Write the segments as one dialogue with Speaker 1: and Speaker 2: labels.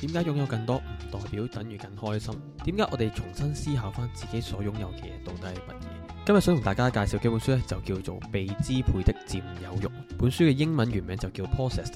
Speaker 1: 點解擁有更多唔代表等於更開心？點解我哋重新思考翻自己所擁有嘅嘢到底係乜嘢？今日想同大家介紹嘅本書咧，就叫做《被支配的佔有慾》。本書嘅英文原名就叫《Possessed》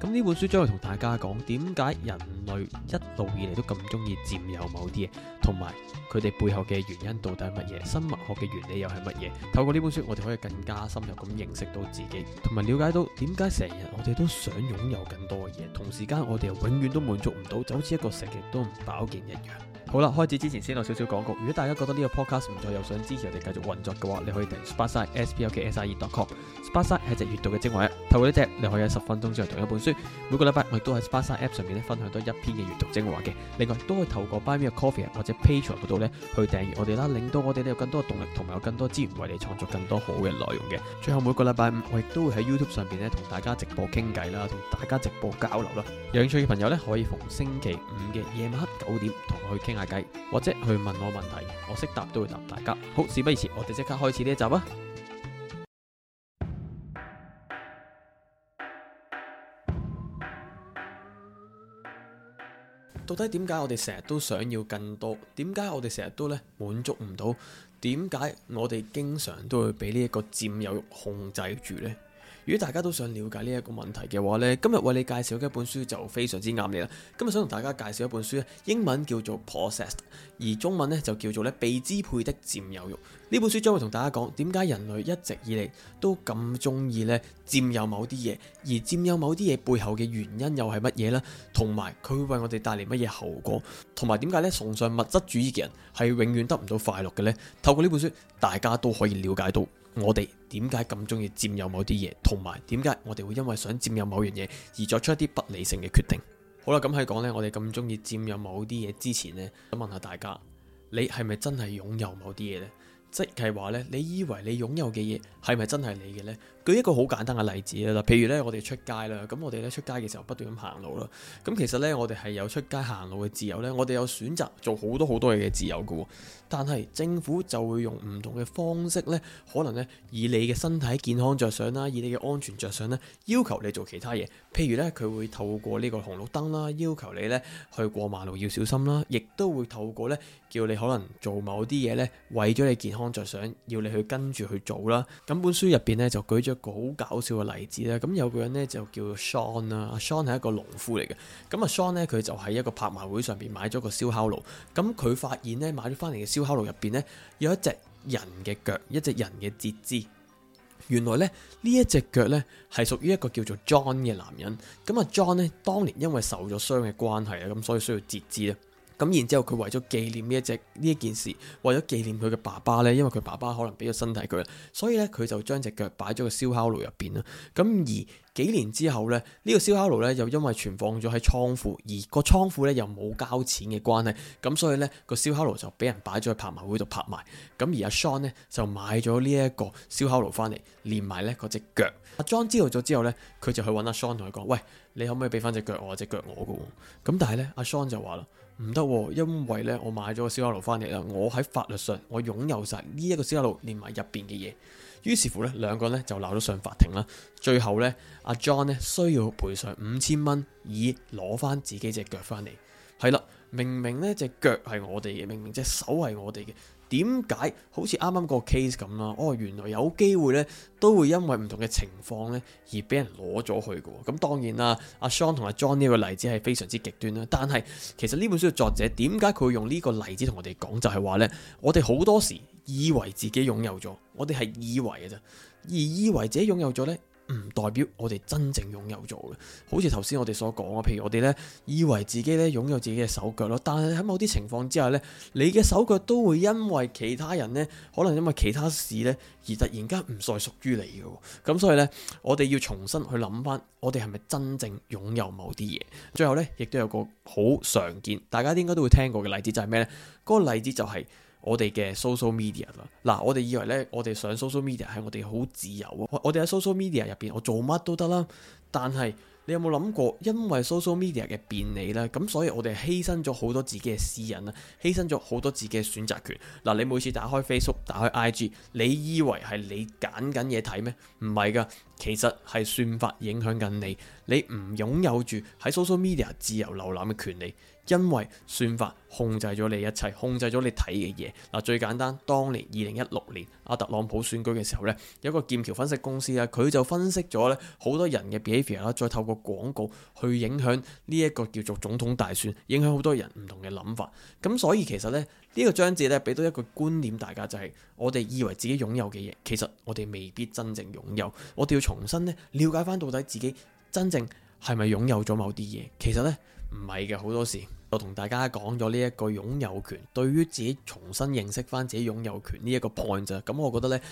Speaker 1: 咁呢本書將會同大家講點解人類一路以嚟都咁中意佔有某啲嘢，同埋佢哋背後嘅原因到底係乜嘢，生物學嘅原理又係乜嘢？透過呢本書，我哋可以更加深入咁認識到自己，同埋了解到點解成日我哋都想擁有更多嘅嘢，同時間我哋又永遠都滿足唔到，就好似一個食極都唔飽嘅人一樣。好啦，開始之前先有少少廣告。如果大家覺得呢個 podcast 唔錯，又想支持我哋繼續運作嘅話，你可以訂 s p a t i f s p o k s i f e c o m s p a t i f y 係隻閱讀嘅精華啊！透過呢隻，你可以喺十分鐘之內讀一本書。每個禮拜我亦都喺 s p a t i f App 上面分享多一篇嘅閱讀精華嘅。另外，都可以透過 Buy Me a Coffee 或者 Patreon 度去訂閱我哋啦，令到我哋咧有更多嘅動力同埋有更多資源為你創作更多好嘅內容嘅。最後每個禮拜五我亦都會喺 YouTube 上邊咧同大家直播傾偈啦，同大家直播交流啦。有興趣嘅朋友咧可以逢星期五嘅夜晚黑九點同我去傾。嗌計，或者去問我問題，我識答都會答大家。好，事不宜遲，我哋即刻開始呢一集啊！到底點解我哋成日都想要更多？點解我哋成日都咧滿足唔到？點解我哋經常都會俾呢一個佔有慾控制住呢？如果大家都想了解呢一個問題嘅話呢，今日為你介紹嘅一本書就非常之啱你啦。今日想同大家介紹一本書，英文叫做 Possessed，而中文呢就叫做咧《被支配的佔有慾》。呢本書將會同大家講點解人類一直以嚟都咁中意咧佔有某啲嘢，而佔有某啲嘢背後嘅原因又係乜嘢呢？同埋佢會為我哋帶嚟乜嘢後果？同埋點解咧崇尚物質主義嘅人係永遠得唔到快樂嘅呢？透過呢本書，大家都可以了解到。我哋點解咁中意佔有某啲嘢，同埋點解我哋會因為想佔有某樣嘢而作出一啲不理性嘅決定？好啦，咁喺講呢，我哋咁中意佔有某啲嘢之前呢，想問下大家，你係咪真係擁有某啲嘢呢？即係話呢你以為你擁有嘅嘢係咪真係你嘅呢？舉一個好簡單嘅例子啦，譬如呢，我哋出街啦，咁我哋呢出街嘅時候不斷咁行路啦，咁其實呢，我哋係有出街行路嘅自由呢。我哋有選擇做好多好多嘢嘅自由嘅喎，但係政府就會用唔同嘅方式呢，可能呢以你嘅身體健康着想啦，以你嘅安全着想呢，要求你做其他嘢，譬如呢，佢會透過呢個紅綠燈啦，要求你呢去過馬路要小心啦，亦都會透過呢叫你可能做某啲嘢呢，為咗你健康。就想要你去跟住去做啦。咁本書入邊咧就舉咗一個好搞笑嘅例子啦。咁有個人咧就叫 Sean 啦，Sean 係一個農夫嚟嘅。咁阿 Sean 咧佢就喺一個拍賣會上邊買咗個燒烤爐。咁佢發現咧買咗翻嚟嘅燒烤爐入邊咧有一隻人嘅腳，一隻人嘅截肢。原來咧呢一隻腳咧係屬於一個叫做 John 嘅男人。咁啊 John 咧當年因為受咗傷嘅關係啊，咁所以需要截肢咧。咁然之後，佢為咗紀念呢一隻呢一件事，為咗紀念佢嘅爸爸呢，因為佢爸爸可能俾咗身體佢，這個，所以呢，佢就將隻腳擺咗個燒烤爐入邊啦。咁而幾年之後呢，呢個燒烤爐呢，又因為存放咗喺倉庫，而個倉庫呢又冇交錢嘅關係，咁所以呢，個燒烤爐就俾人擺咗喺拍賣會度拍賣。咁而阿 Sean 呢，就買咗呢一個燒烤爐翻嚟，連埋呢嗰隻腳。阿 John 知道咗之後呢，佢就去搵阿 Sean 同佢講，喂，你可唔可以俾翻隻腳我？隻腳我噶。咁但係呢，阿 Sean 就話啦。唔得，因為咧我買咗個小卡路翻嚟啦，我喺法律上我擁有晒呢一個小卡路連埋入邊嘅嘢，於是乎咧兩個人咧就鬧咗上法庭啦，最後咧阿 John 咧需要賠償五千蚊以攞翻自己隻腳翻嚟。係啦，明明呢隻腳係我哋嘅，明明隻手係我哋嘅。點解好似啱啱個 case 咁啦？哦，原來有機會呢，都會因為唔同嘅情況呢，而俾人攞咗去嘅。咁、嗯、當然啦，阿、啊、Sean 同阿、啊、John 呢個例子係非常之極端啦。但係其實呢本書嘅作者點解佢會用呢個例子同我哋講，就係、是、話呢：「我哋好多時以為自己擁有咗，我哋係以為嘅啫，而以為自己擁有咗呢。」唔代表我哋真正擁有咗嘅，好似頭先我哋所講啊，譬如我哋呢，以為自己呢擁有自己嘅手腳咯，但係喺某啲情況之下呢，你嘅手腳都會因為其他人呢，可能因為其他事呢，而突然間唔再屬於你嘅，咁所以呢，我哋要重新去諗翻，我哋係咪真正擁有某啲嘢？最後呢，亦都有個好常見，大家應該都會聽過嘅例子就係咩呢？嗰個例子就係。我哋嘅 social media 啦，嗱，我哋以為呢，我哋上 social media 係我哋好自由，我我哋喺 social media 入邊，我做乜都得啦。但係你有冇諗過，因為 social media 嘅便利咧，咁所以我哋犧牲咗好多自己嘅私隱啊，犧牲咗好多自己嘅選擇權。嗱，你每次打開 Facebook、打開 IG，你以為係你揀緊嘢睇咩？唔係㗎，其實係算法影響緊你，你唔擁有住喺 social media 自由瀏覽嘅權利。因為算法控制咗你一切，控制咗你睇嘅嘢。嗱，最簡單，當年二零一六年阿特朗普選舉嘅時候呢，有個劍橋分析公司啊，佢就分析咗呢好多人嘅 behavior 啦，再透過廣告去影響呢一個叫做總統大選，影響好多人唔同嘅諗法。咁所以其實呢，呢、呢個章節呢，俾到一個觀念，大家就係、是、我哋以為自己擁有嘅嘢，其實我哋未必真正擁有。我哋要重新呢，了解翻到底自己真正係咪擁有咗某啲嘢？其實呢，唔係嘅，好多時。我同大家講咗呢一個擁有權，對於自己重新認識翻自己擁有權呢一個 point 啫，咁我覺得呢，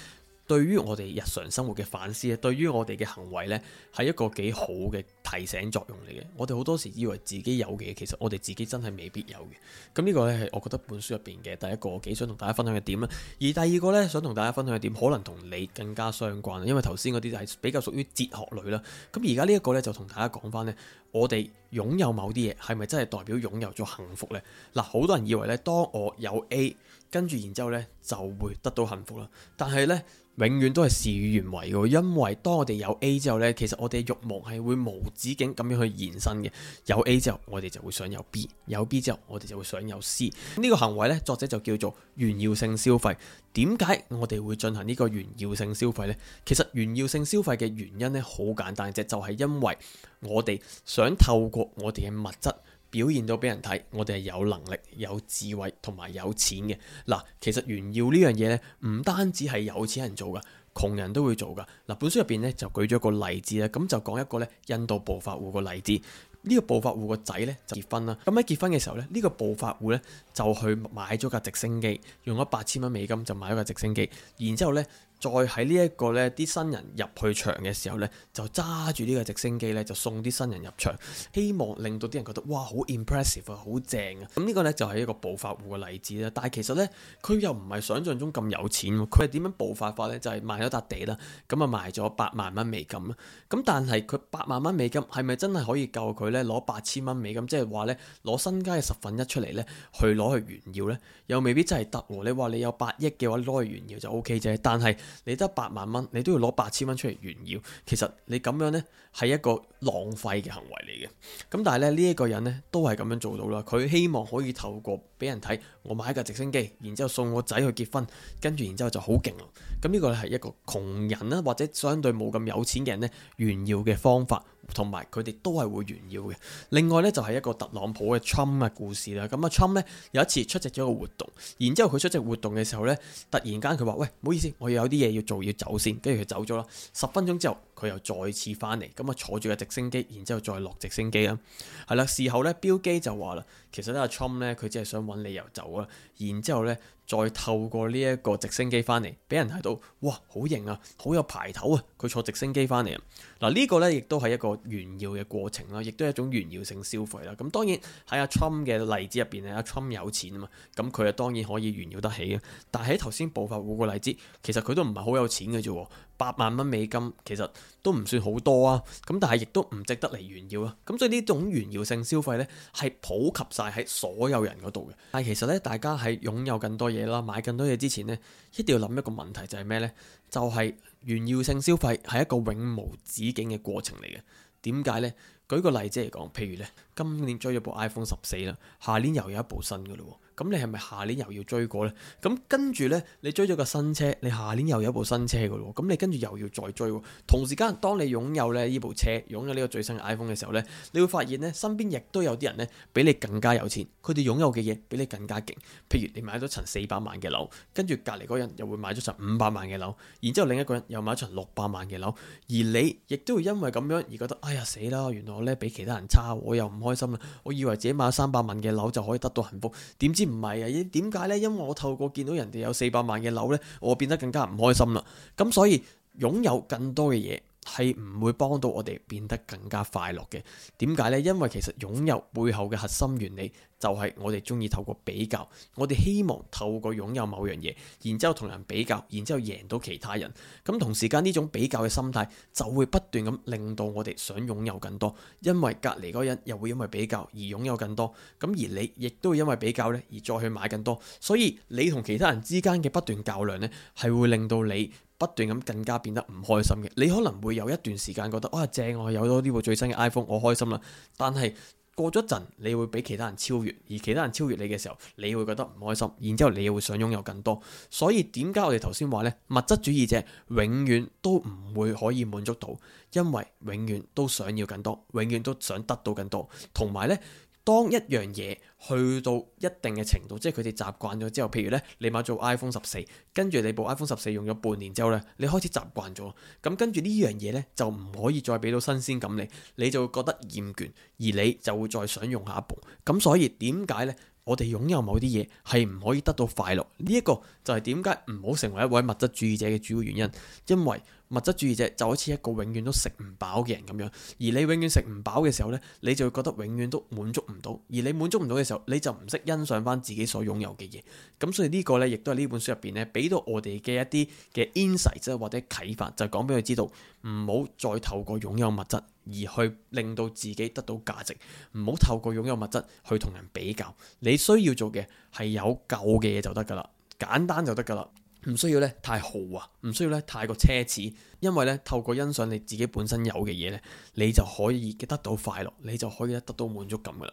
Speaker 1: 對於我哋日常生活嘅反思，對於我哋嘅行為呢係一個幾好嘅提醒作用嚟嘅。我哋好多時以為自己有嘅嘢，其實我哋自己真係未必有嘅。咁呢個呢，係我覺得本書入邊嘅第一個幾想同大家分享嘅點啦。而第二個呢，想同大家分享嘅點，可能同你更加相關，因為頭先嗰啲係比較屬於哲學類啦。咁而家呢一個呢，就同大家講翻呢，我哋擁有某啲嘢係咪真係代表擁有咗幸福呢？嗱，好多人以為呢，當我有 A，跟住然之後呢就會得到幸福啦。但係呢。永遠都係事與願違嘅，因為當我哋有 A 之後呢，其實我哋嘅欲望係會無止境咁樣去延伸嘅。有 A 之後，我哋就會想有 B；有 B 之後，我哋就會想有 C。呢個行為呢，作者就叫做炫耀性消費。點解我哋會進行呢個炫耀性消費呢？其實炫耀性消費嘅原因呢，好簡單啫，就係因為我哋想透過我哋嘅物質。表現咗俾人睇，我哋係有能力、有智慧同埋有錢嘅。嗱，其實炫耀呢樣嘢呢，唔單止係有錢人做噶，窮人都會做噶。嗱，本書入邊呢，就舉咗一個例子啦，咁就講一個呢印度暴發戶個例子。呢個暴發戶個仔呢，就結婚啦。咁喺結婚嘅時候呢，呢個暴發戶呢，就去買咗架直升機，用咗八千蚊美金就買咗架直升機，然之後呢。再喺呢一個呢啲新人入去場嘅時候呢，就揸住呢個直升機呢，就送啲新人入場，希望令到啲人覺得哇，好 impressive，啊，好正啊！咁、嗯、呢、這個呢，就係、是、一個暴發戶嘅例子啦。但係其實呢，佢又唔係想象中咁有錢，佢係點樣暴發法呢？就係、是、賣咗笪地啦，咁啊賣咗八萬蚊美金啦。咁但係佢八萬蚊美金係咪真係可以夠佢呢？攞八千蚊美金？即係話呢，攞身家嘅十分一出嚟呢，去攞去炫耀呢？又未必真係得喎。你話你有八億嘅話攞去炫耀就 OK 啫，但係。你得八萬蚊，你都要攞八千蚊出嚟炫耀，其實你咁樣呢，係一個浪費嘅行為嚟嘅。咁但係咧，呢一個人呢，都係咁樣做到啦，佢希望可以透過俾人睇我買一架直升機，然之後送我仔去結婚，跟住然之後就好勁啦。咁，嗯，呢個咧係一個窮人啦，或者相對冇咁有錢嘅人呢，炫耀嘅方法。同埋佢哋都係會炫耀嘅。另外呢，就係一個特朗普嘅 Trump 嘅故事啦。咁阿 Trump 有一次出席咗個活動，然之後佢出席活動嘅時候呢，突然間佢話：喂，唔好意思，我有啲嘢要做，要走先。跟住佢走咗啦。十分鐘之後，佢又再次翻嚟，咁啊坐住架直升機，然之後再落直升機啦。係啦，事後呢，標記就話啦，其實呢，阿 Trump 咧佢只係想揾理由走啦。然之後呢。再透過呢一個直升機翻嚟，俾人睇到，哇，好型啊，好有派頭啊，佢坐直升機翻嚟啊。嗱、這、呢個呢亦都係一個炫耀嘅過程啦，亦都係一種炫耀性消費啦。咁、嗯、當然喺阿 Trump 嘅例子入邊咧，阿 Trump 有錢啊嘛，咁佢啊當然可以炫耀得起啊！但係喺頭先暴發戶個例子，其實佢都唔係好有錢嘅啫。八萬蚊美金其實都唔算好多啊，咁但係亦都唔值得嚟炫耀啊，咁所以呢種炫耀性消費呢，係普及晒喺所有人嗰度嘅。但係其實呢，大家喺擁有更多嘢啦、買更多嘢之前呢，一定要諗一個問題就係咩呢？就係、是、炫耀性消費係一個永無止境嘅過程嚟嘅。點解呢？舉個例子嚟講，譬如呢，今年追咗部 iPhone 十四啦，下年又有一部新嘅咯喎。咁你係咪下年又要追過呢？咁跟住呢，你追咗個新車，你下年又有一部新車噶咯？咁你跟住又要再追喎。同時間，當你擁有咧呢部車，擁有呢個最新嘅 iPhone 嘅時候呢，你會發現呢，身邊亦都有啲人呢，比你更加有錢，佢哋擁有嘅嘢比你更加勁。譬如你買咗層四百萬嘅樓，跟住隔籬嗰人又會買咗層五百萬嘅樓，然之後另一個人又買咗層六百萬嘅樓，而你亦都會因為咁樣而覺得，哎呀死啦！原來我呢比其他人差，我又唔開心啦。我以為自己買咗三百萬嘅樓就可以得到幸福，點知？唔係啊，點解咧？因為我透過見到人哋有四百萬嘅樓咧，我變得更加唔開心啦。咁所以擁有更多嘅嘢。係唔會幫到我哋變得更加快樂嘅？點解呢？因為其實擁有背後嘅核心原理就係我哋中意透過比較，我哋希望透過擁有某樣嘢，然之後同人比較，然之後贏到其他人。咁同時間呢種比較嘅心態，就會不斷咁令到我哋想擁有更多，因為隔籬嗰人又會因為比較而擁有更多。咁而你亦都會因為比較呢而再去買更多，所以你同其他人之間嘅不斷較量呢，係會令到你。不斷咁更加變得唔開心嘅，你可能會有一段時間覺得，啊、哦，正啊，我有咗呢部最新嘅 iPhone，我開心啦。但係過咗陣，你會俾其他人超越，而其他人超越你嘅時候，你會覺得唔開心。然之後你又會想擁有更多，所以點解我哋頭先話呢？物質主義者永遠都唔會可以滿足到，因為永遠都想要更多，永遠都想得到更多。同埋呢，當一樣嘢，去到一定嘅程度，即係佢哋習慣咗之後，譬如咧，你買咗 iPhone 十四，跟住你部 iPhone 十四用咗半年之後咧，你開始習慣咗，咁跟住呢樣嘢呢，就唔可以再俾到新鮮感你，你就會覺得厭倦，而你就會再想用下一部，咁所以點解呢？我哋擁有某啲嘢係唔可以得到快樂，呢一個就係點解唔好成為一位物質主義者嘅主要原因。因為物質主義者就好似一個永遠都食唔飽嘅人咁樣，而你永遠食唔飽嘅時候呢，你就會覺得永遠都滿足唔到。而你滿足唔到嘅時候，你就唔識欣賞翻自己所擁有嘅嘢。咁所以呢個呢，亦都係呢本書入邊咧，俾到我哋嘅一啲嘅 insight 或者啟發，就講俾佢知道，唔好再透過擁有物質，而去令到自己得到價值，唔好透過擁有物質去同人比較。你需要做嘅係有夠嘅嘢就得㗎喇，簡單就得㗎喇，唔需要呢太豪華，唔需要呢太過奢侈，因為呢透過欣賞你自己本身有嘅嘢呢，你就可以得到快樂，你就可以得到滿足感㗎喇。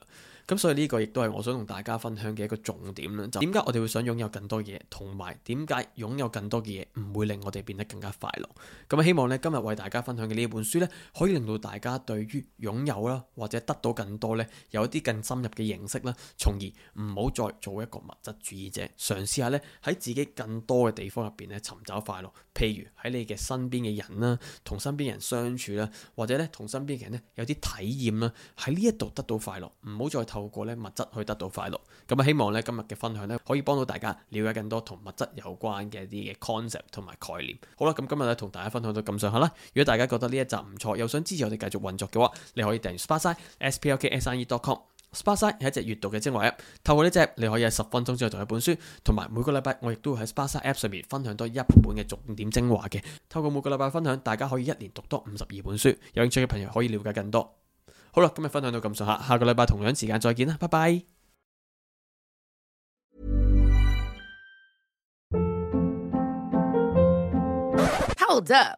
Speaker 1: 咁所以呢個亦都係我想同大家分享嘅一個重點啦，就點解我哋會想擁有更多嘅嘢，同埋點解擁有更多嘅嘢唔會令我哋變得更加快樂？咁希望咧今日為大家分享嘅呢本書咧，可以令到大家對於擁有啦，或者得到更多咧，有一啲更深入嘅認識啦，從而唔好再做一個物質主義者，嘗試下咧喺自己更多嘅地方入邊咧尋找快樂，譬如喺你嘅身邊嘅人啦，同身邊嘅人相處啦，或者咧同身邊嘅人咧有啲體驗啦，喺呢一度得到快樂，唔好再投透過咧物質去得到快樂，咁啊希望咧今日嘅分享咧可以幫到大家了解更多同物質有關嘅一啲嘅 concept 同埋概念。好啦，咁今日咧同大家分享到咁上下啦。如果大家覺得呢一集唔錯，又想支持我哋繼續運作嘅話，你可以訂閱 Sparksine，sparksine.com。Sparksine 係一隻閱讀嘅精華 app。透過呢隻，你可以喺十分鐘之內讀一本書。同埋每個禮拜我亦都會喺 Sparksine app 上面分享多一本嘅重點精華嘅。透過每個禮拜分享，大家可以一年讀多五十二本書。有興趣嘅朋友可以了解更多。好啦，今日分享到咁上下，下個禮拜同樣時間再見啦，拜拜。Hold up。